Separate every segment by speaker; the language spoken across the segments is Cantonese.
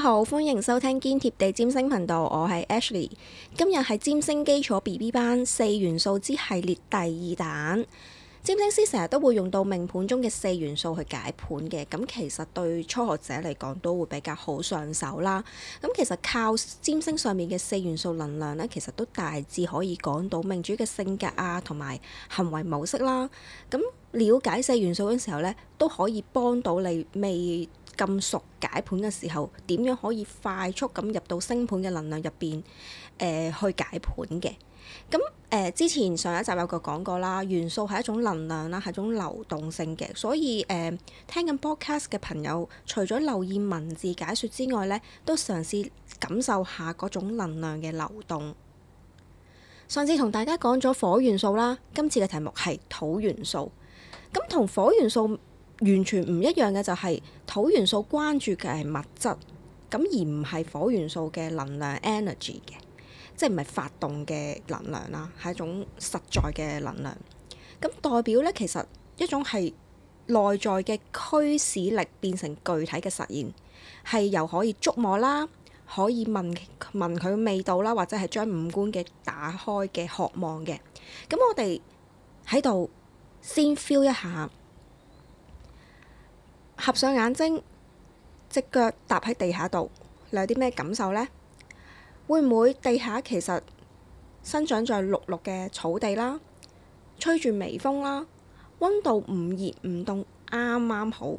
Speaker 1: 好，歡迎收聽堅貼地占星頻道，我係 Ashley，今日係占星基礎 BB 班四元素之系列第二彈。占星師成日都會用到命盤中嘅四元素去解盤嘅，咁其實對初學者嚟講都會比較好上手啦。咁其實靠占星上面嘅四元素能量呢，其實都大致可以講到命主嘅性格啊，同埋行為模式啦。咁了解四元素嘅時候呢，都可以幫到你未。咁熟解盤嘅時候，點樣可以快速咁入到星盤嘅能量入邊、呃，去解盤嘅？咁誒、呃、之前上一集有一個講過啦，元素係一種能量啦，係種流動性嘅，所以誒、呃、聽緊 broadcast 嘅朋友，除咗留意文字解説之外呢，都嘗試感受下嗰種能量嘅流動。上次同大家講咗火元素啦，今次嘅題目係土元素，咁同火元素，完全唔一樣嘅就係、是、土元素關注嘅係物質，咁而唔係火元素嘅能量 energy 嘅，即係唔係發動嘅能量啦，係一種實在嘅能量。咁代表呢，其實一種係內在嘅驅使力變成具體嘅實現，係由可以觸摸啦，可以聞聞佢味道啦，或者係將五官嘅打開嘅渴望嘅。咁我哋喺度先 feel 一下。合上眼睛，隻腳踏喺地下度，你有啲咩感受呢？會唔會地下其實生長著綠綠嘅草地啦，吹住微風啦，温度唔熱唔凍，啱啱好，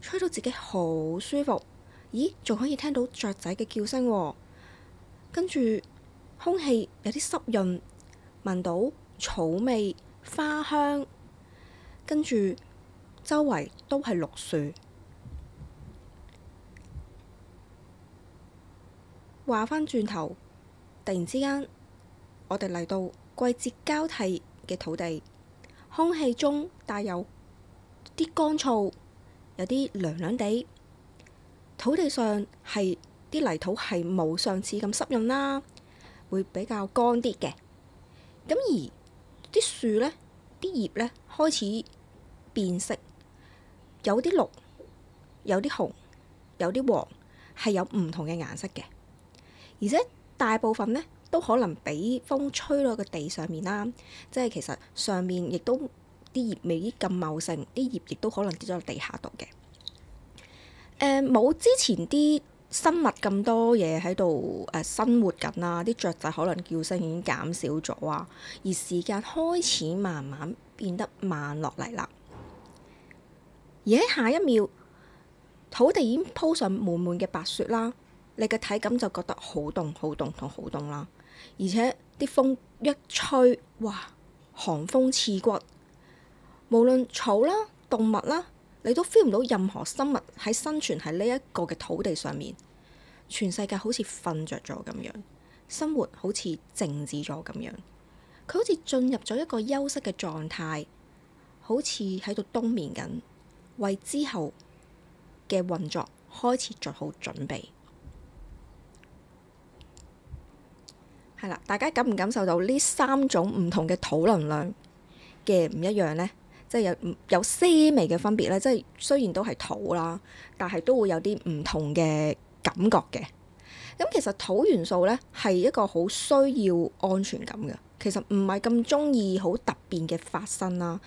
Speaker 1: 吹到自己好舒服。咦，仲可以聽到雀仔嘅叫聲喎，跟住空氣有啲濕潤，聞到草味、花香，跟住，周圍都係綠樹。話返轉頭，突然之間，我哋嚟到季節交替嘅土地，空氣中帶有啲乾燥，有啲涼涼地。土地上係啲泥土係冇上次咁濕潤啦，會比較乾啲嘅。咁而啲樹呢，啲葉呢，開始變色。有啲綠，有啲紅，有啲黃，係有唔同嘅顏色嘅。而且大部分呢，都可能俾風吹落個地上面啦，即係其實上面亦都啲葉未必咁茂盛，啲葉亦都可能跌咗落地下度嘅。冇、呃、之前啲生物咁多嘢喺度生活緊啦，啲雀仔可能叫聲已經減少咗啊，而時間開始慢慢變得慢落嚟啦。而喺下一秒，土地已經鋪上滿滿嘅白雪啦。你嘅體感就覺得好凍、好凍同好凍啦。而且啲風一吹，哇，寒風刺骨。無論草啦、動物啦，你都 feel 唔到任何生物喺生存喺呢一個嘅土地上面。全世界好似瞓着咗咁樣，生活好似靜止咗咁樣。佢好似進入咗一個休息嘅狀態，好似喺度冬眠緊。為之後嘅運作開始做好準備係啦。大家感唔感受到呢三種唔同嘅土能量嘅唔一樣呢？即係有有些微嘅分別呢，即係雖然都係土啦，但係都會有啲唔同嘅感覺嘅。咁其實土元素呢，係一個好需要安全感嘅，其實唔係咁鍾意好突變嘅發生啦。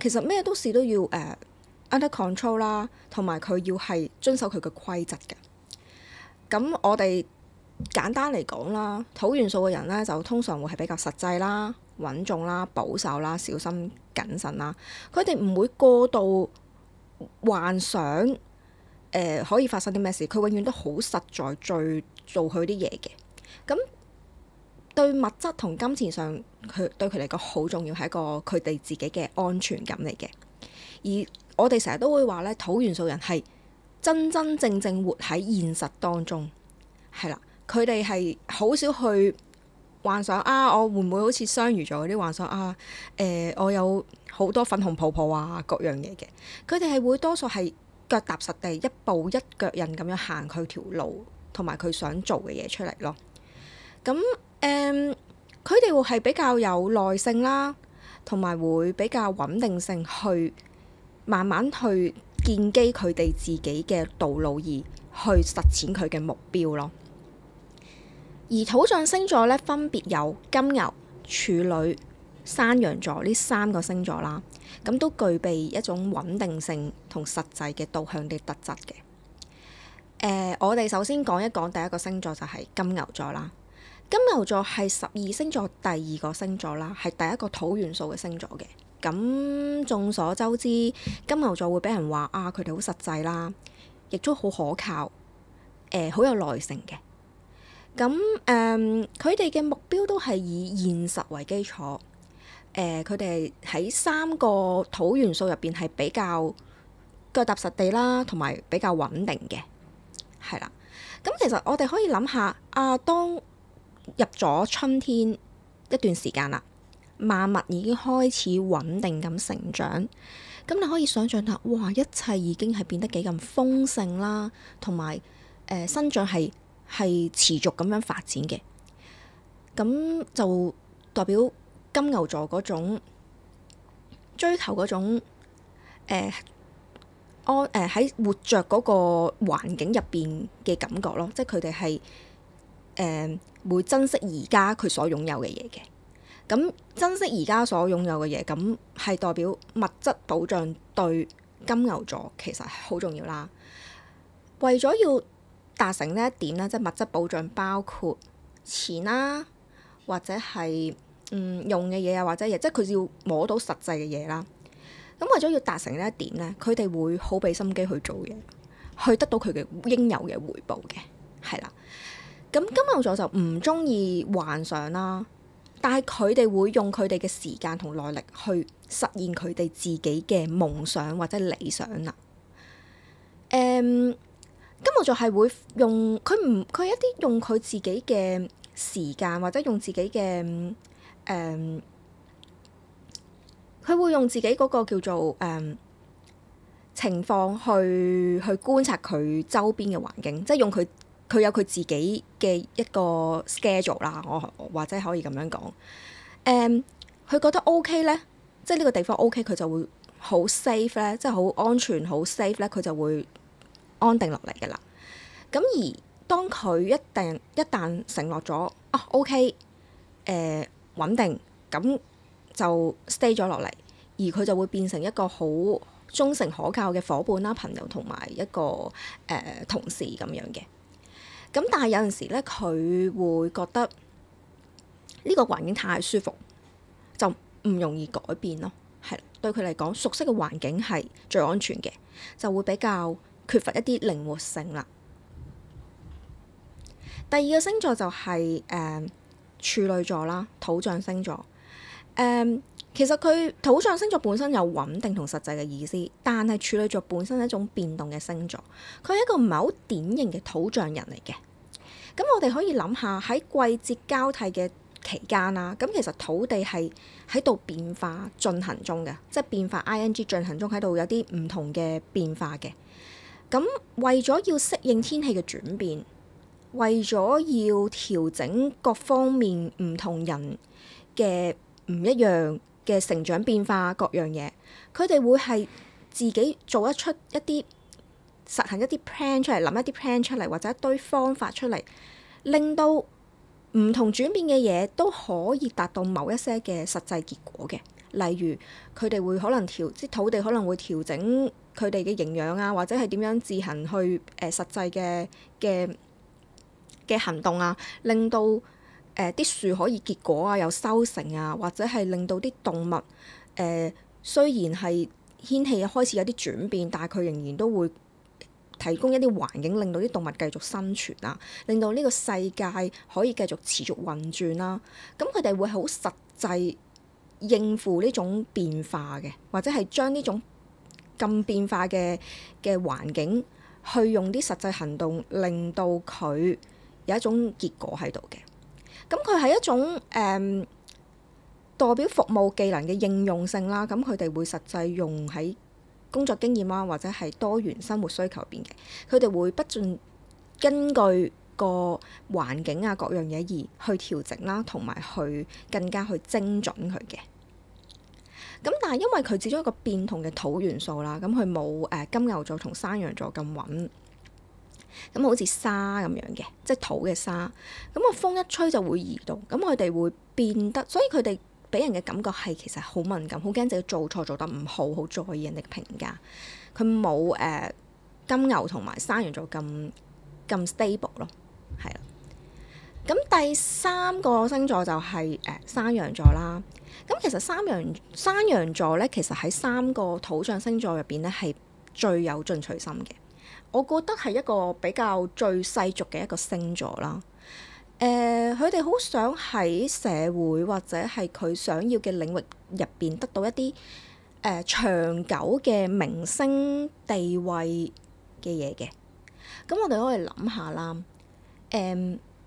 Speaker 1: 其實咩都市都要誒。呃 Under control 啦，同埋佢要係遵守佢嘅規則嘅。咁我哋簡單嚟講啦，土元素嘅人呢，就通常會係比較實際啦、穩重啦、保守啦、小心謹慎啦。佢哋唔會過度幻想，誒、呃、可以發生啲咩事。佢永遠都好實在，在的的，最做佢啲嘢嘅。咁對物質同金錢上，佢對佢嚟講好重要，係一個佢哋自己嘅安全感嚟嘅。而我哋成日都會話咧，土元素人係真真正正活喺現實當中，係啦。佢哋係好少去幻想啊，我會唔會好似雙魚座嗰啲幻想啊？誒、呃，我有好多粉紅泡泡啊，各樣嘢嘅。佢哋係會多數係腳踏實地，一步一腳印咁樣行佢條路，同埋佢想做嘅嘢出嚟咯。咁誒，佢哋會係比較有耐性啦，同埋會比較穩定性去，慢慢去建基佢哋自己嘅道路，而去實踐佢嘅目標咯。而土象星座咧，分別有金牛、處女、山羊座呢三個星座啦。咁都具備一種穩定性同實際嘅導向嘅特質嘅。誒、呃，我哋首先講一講第一個星座就係金牛座啦。金牛座係十二星座第二個星座啦，係第一個土元素嘅星座嘅。咁、嗯、眾所周知，金牛座會俾人話啊，佢哋好實際啦，亦都好可靠，誒、呃，好有耐性嘅。咁、嗯、誒，佢哋嘅目標都係以現實為基礎，誒、呃，佢哋喺三個土元素入邊係比較腳踏實地啦，同埋比較穩定嘅，係啦。咁、嗯、其實我哋可以諗下啊，當入咗春天一段時間啦。萬物已經開始穩定咁成長，咁你可以想象下，哇！一切已經係變得幾咁豐盛啦，同埋誒生長係係持續咁樣發展嘅，咁就代表金牛座嗰種追求嗰種誒安誒喺活著嗰個環境入邊嘅感覺咯，即係佢哋係誒會珍惜而家佢所擁有嘅嘢嘅。咁珍惜而家所擁有嘅嘢，咁係代表物質保障對金牛座其實係好重要啦。為咗要達成呢一點咧，即係物質保障，包括錢啦，或者係嗯用嘅嘢啊，或者嘢，即係佢要摸到實際嘅嘢啦。咁為咗要達成呢一點咧，佢哋會好俾心機去做嘢，去得到佢嘅應有嘅回報嘅，係啦。咁金牛座就唔中意幻想啦。但係佢哋會用佢哋嘅時間同耐力去實現佢哋自己嘅夢想或者理想啦。誒，金牛座係會用佢唔佢一啲用佢自己嘅時間或者用自己嘅誒，佢、um, 會用自己嗰個叫做誒、um, 情況去去觀察佢周邊嘅環境，即係用佢。佢有佢自己嘅一個 schedule 啦，我，我或者可以咁樣講。誒，佢覺得 OK 咧，即係呢個地方 OK，佢就會好 safe 咧，即係好安全、好 safe 咧，佢就會安定落嚟嘅啦。咁而當佢一定一旦承諾咗，哦、啊、OK，誒、呃、穩定，咁就 stay 咗落嚟，而佢就會變成一個好忠誠可靠嘅伙伴啦、朋友同埋一個誒、呃、同事咁樣嘅。咁但係有陣時咧，佢會覺得呢個環境太舒服，就唔容易改變咯。係啦，對佢嚟講，熟悉嘅環境係最安全嘅，就會比較缺乏一啲靈活性啦。第二個星座就係誒處女座啦，土象星座誒。嗯其實佢土象星座本身有穩定同實際嘅意思，但係處女座本身係一種變動嘅星座。佢係一個唔係好典型嘅土象人嚟嘅。咁我哋可以諗下喺季節交替嘅期間啦。咁其實土地係喺度變化進行中嘅，即係變化 ing 進行中喺度有啲唔同嘅變化嘅。咁為咗要適應天氣嘅轉變，為咗要調整各方面唔同人嘅唔一樣，嘅成長變化各樣嘢，佢哋會係自己做一出一啲實行一啲 plan 出嚟，諗一啲 plan 出嚟，或者一堆方法出嚟，令到唔同轉變嘅嘢都可以達到某一些嘅實際結果嘅。例如佢哋會可能調，即土地可能會調整佢哋嘅營養啊，或者係點樣自行去誒、呃、實際嘅嘅嘅行動啊，令到。誒啲樹可以結果啊，有收成啊，或者係令到啲動物誒、呃。雖然係天氣開始有啲轉變，但係佢仍然都會提供一啲環境，令到啲動物繼續生存啊，令到呢個世界可以繼續持續運轉啦。咁佢哋會好實際應付呢種變化嘅，或者係將呢種咁變化嘅嘅環境，去用啲實際行動令到佢有一種結果喺度嘅。咁佢係一種誒、嗯、代表服務技能嘅應用性啦，咁佢哋會實際用喺工作經驗啦，或者係多元生活需求邊嘅，佢哋會不斷根據個環境啊，各樣嘢而去調整啦，同埋去更加去精準佢嘅。咁但係因為佢始終一個變動嘅土元素啦，咁佢冇誒金牛座同山羊座咁穩。咁好似沙咁樣嘅，即係土嘅沙。咁個風一吹就會移動。咁佢哋會變得，所以佢哋俾人嘅感覺係其實好敏感，好驚自己做錯做得唔好，好在意人哋嘅評價。佢冇誒金牛同埋山羊座咁咁 stable 咯，係啦。咁第三個星座就係誒山羊座啦。咁其實山羊山羊座咧，其實喺三個土象星座入邊咧係最有進取心嘅。我覺得係一個比較最世俗嘅一個星座啦。誒、呃，佢哋好想喺社會或者係佢想要嘅領域入邊得到一啲誒、呃、長久嘅明星地位嘅嘢嘅。咁我哋可以諗下啦。誒、呃，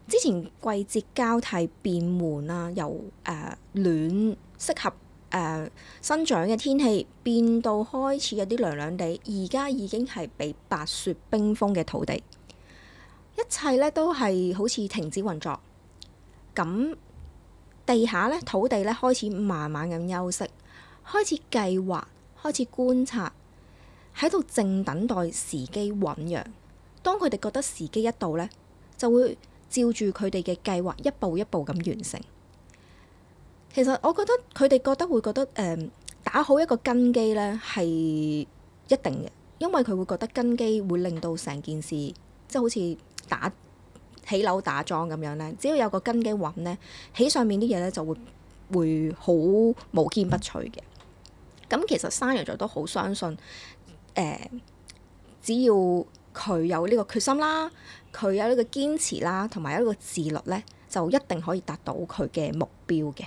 Speaker 1: 之前季節交替變換啦，由誒暖適合。誒、呃、生長嘅天氣變到開始有啲涼涼地，而家已經係被白雪冰封嘅土地，一切呢都係好似停止運作。咁地下呢土地呢開始慢慢咁休息，開始計劃，開始觀察，喺度正等待時機醖釀。當佢哋覺得時機一到呢，就會照住佢哋嘅計劃一步一步咁完成。其實我覺得佢哋覺得會覺得誒、呃、打好一個根基咧係一定嘅，因為佢會覺得根基會令到成件事即係好似打起樓打樁咁樣咧，只要有個根基穩咧，起上面啲嘢咧就會會好無堅不摧嘅。咁其實山羊座都好相信誒、呃，只要佢有呢個決心啦，佢有呢個堅持啦，同埋有呢個自律咧，就一定可以達到佢嘅目標嘅。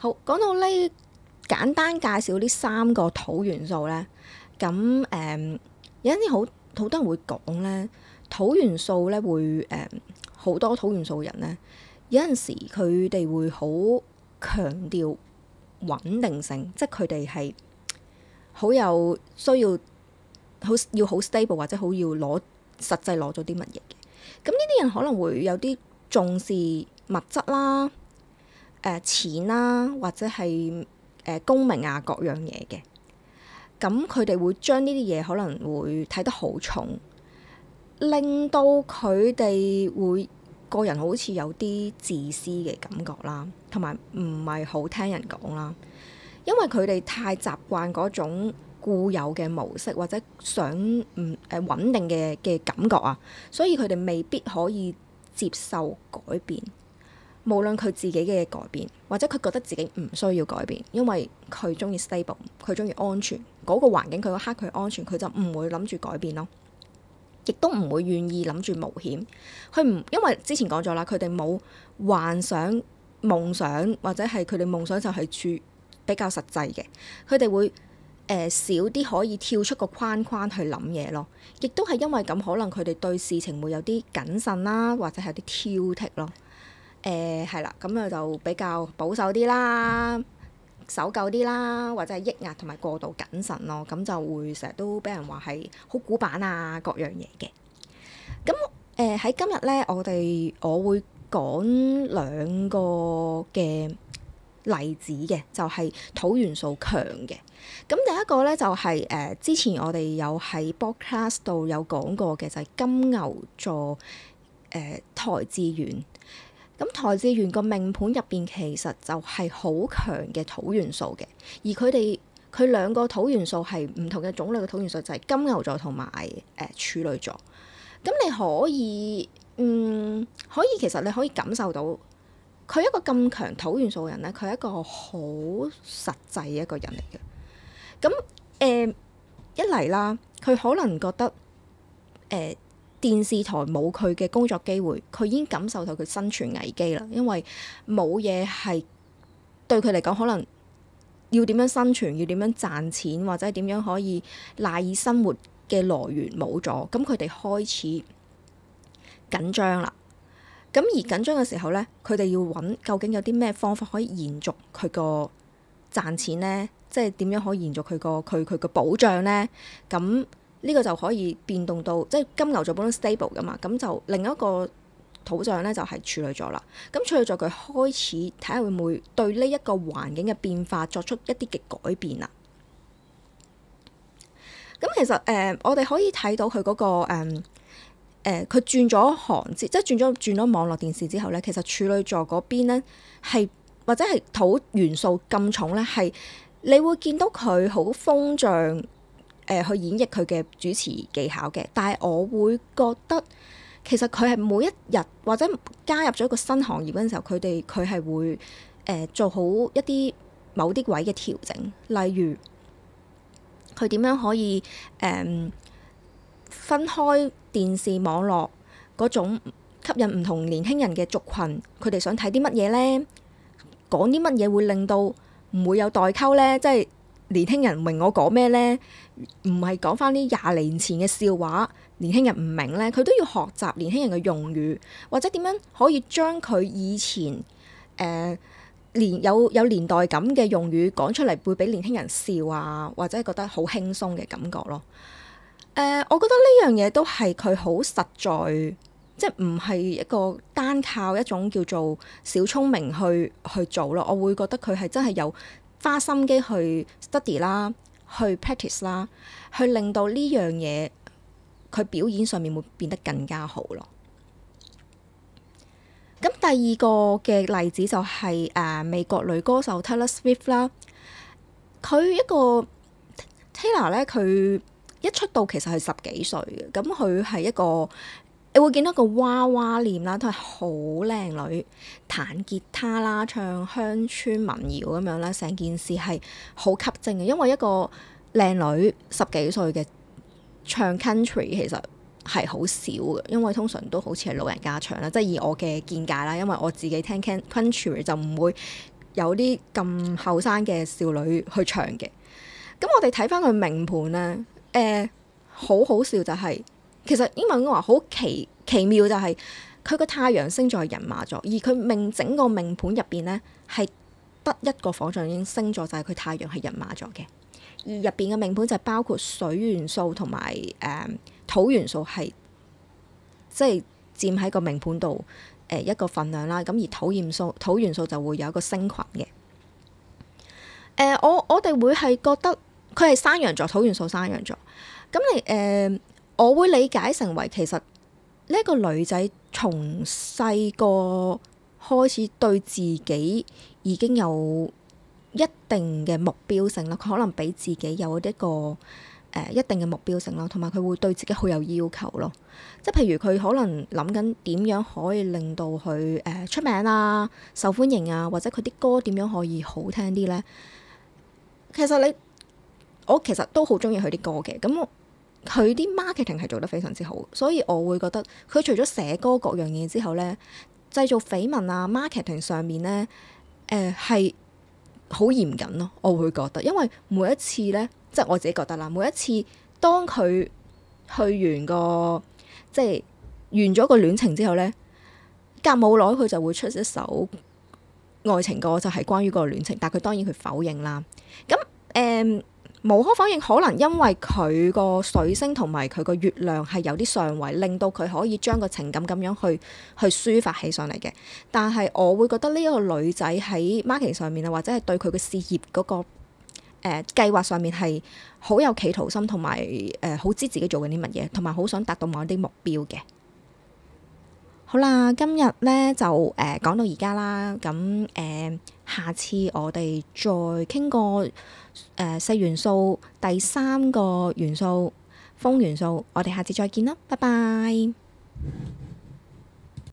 Speaker 1: 好，講到呢，簡單介紹呢三個土元素咧。咁誒、嗯，有陣啲好好多人會講咧，土元素咧會誒好、嗯、多土元素人咧，有陣時佢哋會好強調穩定性，即係佢哋係好有需要，好要好 stable 或者好要攞實際攞咗啲乜嘢嘅。咁呢啲人可能會有啲重視物質啦。誒、呃、錢啦、啊，或者係誒、呃、功名啊，各樣嘢嘅，咁佢哋會將呢啲嘢可能會睇得好重，令到佢哋會個人好似有啲自私嘅感覺啦，同埋唔係好聽人講啦，因為佢哋太習慣嗰種固有嘅模式，或者想唔誒、呃、穩定嘅嘅感覺啊，所以佢哋未必可以接受改變。無論佢自己嘅改變，或者佢覺得自己唔需要改變，因為佢中意 stable，佢中意安全嗰個環境，佢嗰刻佢安全，佢就唔會諗住改變咯。亦都唔會願意諗住冒險。佢唔因為之前講咗啦，佢哋冇幻想、夢想，或者係佢哋夢想就係住比較實際嘅。佢哋會誒、呃、少啲可以跳出個框框去諗嘢咯。亦都係因為咁，可能佢哋對事情會有啲謹慎啦，或者係有啲挑剔咯。誒係啦，咁啊、嗯、就比較保守啲啦，守舊啲啦，或者係抑壓同埋過度謹慎咯。咁就會成日都俾人話係好古板啊，各樣嘢嘅。咁誒喺今日咧，我哋我會講兩個嘅例子嘅，就係、是、土元素強嘅。咁第一個咧就係、是、誒、呃、之前我哋有喺 BB Class 度有講過嘅，就係、是、金牛座誒、呃、台資源。咁台志圓個命盤入邊其實就係好強嘅土元素嘅，而佢哋佢兩個土元素係唔同嘅種類嘅土元素，就係、是、金牛座同埋誒處女座。咁你可以嗯可以其實你可以感受到佢一個咁強土元素嘅人咧，佢係一個好實際嘅一個人嚟嘅。咁誒、呃、一嚟啦，佢可能覺得誒。呃電視台冇佢嘅工作機會，佢已經感受到佢生存危機啦，因為冇嘢，係對佢嚟講可能要點樣生存，要點樣賺錢或者點樣可以賴以生活嘅來源冇咗，咁佢哋開始緊張啦。咁而緊張嘅時候咧，佢哋要揾究竟有啲咩方法可以延續佢個賺錢咧，即係點樣可以延續佢個佢佢個保障咧？咁。呢個就可以變動到，即係金牛座本身 stable 噶嘛，咁就另一個土象咧就係、是、處女座啦。咁處女座佢開始睇下會唔會對呢一個環境嘅變化作出一啲嘅改變喇。咁其實誒、呃，我哋可以睇到佢嗰、那個誒佢、呃、轉咗行，即係轉咗轉咗網絡電視之後咧，其實處女座嗰邊咧係或者係土元素咁重咧，係你會見到佢好風象。誒、呃、去演繹佢嘅主持技巧嘅，但係我會覺得其實佢係每一日或者加入咗一個新行業嗰陣時候，佢哋佢係會、呃、做好一啲某啲位嘅調整，例如佢點樣可以誒、呃、分開電視網絡嗰種，吸引唔同年輕人嘅族群，佢哋想睇啲乜嘢咧？講啲乜嘢會令到唔會有代溝咧？即係。年輕人明我講咩呢？唔係講返啲廿年前嘅笑話，年輕人唔明呢，佢都要學習年輕人嘅用語，或者點樣可以將佢以前誒年、呃、有有年代感嘅用語講出嚟，會俾年輕人笑啊，或者覺得好輕鬆嘅感覺咯、呃。我覺得呢樣嘢都係佢好實在，即係唔係一個單靠一種叫做小聰明去去做咯。我會覺得佢係真係有。花心機去 study 啦，去 practice 啦，去令到呢樣嘢佢表演上面會變得更加好咯。咁第二個嘅例子就係、是、誒、啊、美國女歌手 Taylor Swift 啦。佢一個 Taylor 咧，佢一出道其實係十幾歲嘅，咁佢係一個。你會見到一個娃娃臉啦，都係好靚女，彈吉他啦，唱鄉村民謠咁樣啦。成件事係好吸睛嘅。因為一個靚女十幾歲嘅唱 country 其實係好少嘅，因為通常都好似係老人家唱啦。即係以我嘅見解啦，因為我自己聽 country 就唔會有啲咁後生嘅少女去唱嘅。咁我哋睇翻佢名盤咧，誒、呃，好好笑就係、是。其實英文話好奇奇妙，就係佢個太陽星座係人馬座，而佢命整個命盤入邊咧係得一個火象星座就係、是、佢太陽係人馬座嘅，而入邊嘅命盤就包括水元素同埋誒土元素係即係佔喺個命盤度誒一個份量啦。咁而土元素土元素就會有一個星群嘅。誒、呃，我我哋會係覺得佢係山羊座，土元素山羊座。咁你誒？呃我會理解成為其實呢個女仔從細個開始對自己已經有一定嘅目標性啦，佢可能俾自己有一個、呃、一定嘅目標性啦，同埋佢會對自己好有要求咯。即係譬如佢可能諗緊點樣可以令到佢誒、呃、出名啊、受歡迎啊，或者佢啲歌點樣可以好聽啲呢？其實你我其實都好中意佢啲歌嘅，咁我佢啲 marketing 係做得非常之好，所以我會覺得佢除咗寫歌各樣嘢之後咧，製造緋聞啊 marketing 上面咧，誒、呃，係好嚴謹咯，我會覺得，因為每一次咧，即、就、係、是、我自己覺得啦，每一次當佢去完個即係完咗個戀情之後咧，隔冇耐佢就會出一首愛情歌，就係關於嗰個戀情，但係佢當然佢否認啦。咁誒。嗯無可否認，可能因為佢個水星同埋佢個月亮係有啲上位，令到佢可以將個情感咁樣去去抒發起上嚟嘅。但係我會覺得呢一個女仔喺 marketing 上面啊，或者係對佢嘅事業嗰、嗰個誒、呃、計劃上面係好有企圖心，同埋好知自己做緊啲乜嘢，同埋好想達到某啲目標嘅。好啦，今日呢就誒、呃、講到而家啦，咁誒。呃下次我哋再傾過誒四元素，第三個元素，風元素，我哋下次再見啦，拜拜。